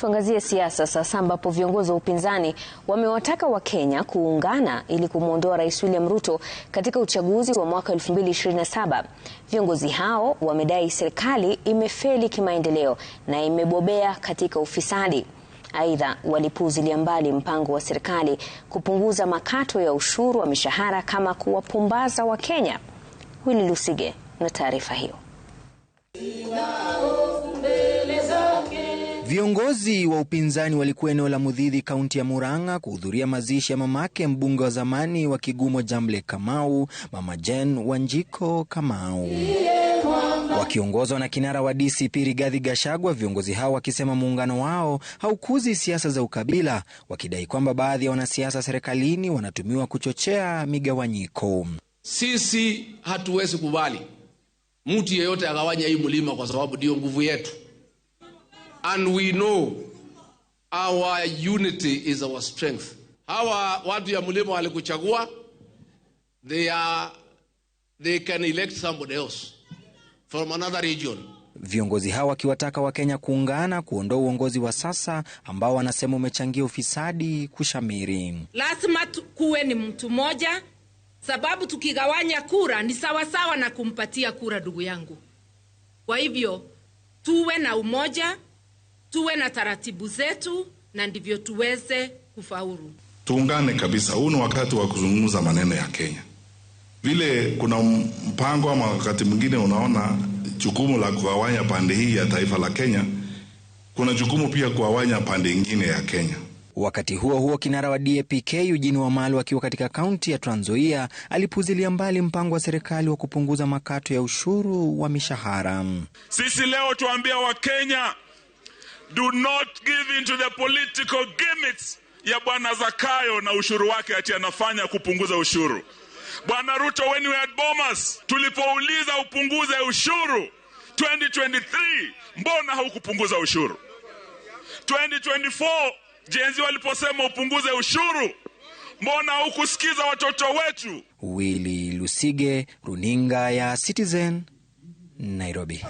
Tuangazie siasa sasa ambapo viongozi wa upinzani wamewataka Wakenya kuungana ili kumwondoa Rais William Ruto katika uchaguzi wa mwaka 2027. Viongozi hao wamedai serikali imefeli kimaendeleo na imebobea katika ufisadi. Aidha, walipuuzilia mbali mpango wa serikali kupunguza makato ya ushuru wa mishahara kama kuwapumbaza Wakenya. Willy Lusige na taarifa hiyo. Viongozi wa upinzani walikuwa eneo la Mudhidhi, kaunti ya Murang'a, kuhudhuria mazishi ya mamake mbunge wa zamani wa Kigumo Jamle Kamau, Mama Jen Wanjiko Kamau. Wakiongozwa na kinara wa DCP Rigathi Gachagua, viongozi hao wakisema muungano wao haukuzi siasa za ukabila, wakidai kwamba baadhi ya wanasiasa serikalini wanatumiwa kuchochea migawanyiko. Sisi hatuwezi kubali mtu yeyote agawanya hii mlima, kwa sababu ndiyo nguvu yetu and we know our unity is our strength. Hawa watu ya mlima walikuchagua, they are they can elect somebody else from another region. Viongozi hao wakiwataka Wakenya kuungana kuondoa uongozi wa sasa ambao wanasema umechangia ufisadi kushamiri. Lazima kuwe ni mtu mmoja, sababu tukigawanya kura ni sawasawa na kumpatia kura ndugu yangu. Kwa hivyo tuwe na umoja tuwe na taratibu zetu, na ndivyo tuweze kufaulu. Tuungane kabisa, huu ni wakati wa kuzungumza maneno ya Kenya. Vile kuna mpango ama wakati mwingine unaona jukumu la kugawanya pande hii ya taifa la Kenya, kuna jukumu pia kugawanya pande ingine ya Kenya. Wakati huo huo, kinara wa DAP-K Eugene Wamalwa akiwa katika kaunti ya Trans Nzoia alipuzilia mbali mpango wa serikali wa kupunguza makato ya ushuru wa mishahara. Sisi leo tuambia Wakenya do not give into the political gimmicks ya bwana Zakayo na ushuru wake ati anafanya kupunguza ushuru. Bwana Ruto, when we had Bomas, tulipouliza upunguze ushuru 2023, mbona haukupunguza ushuru? 2024 jenzi waliposema upunguze ushuru, mbona haukusikiza watoto wetu? Willy Lusige, runinga ya Citizen, Nairobi.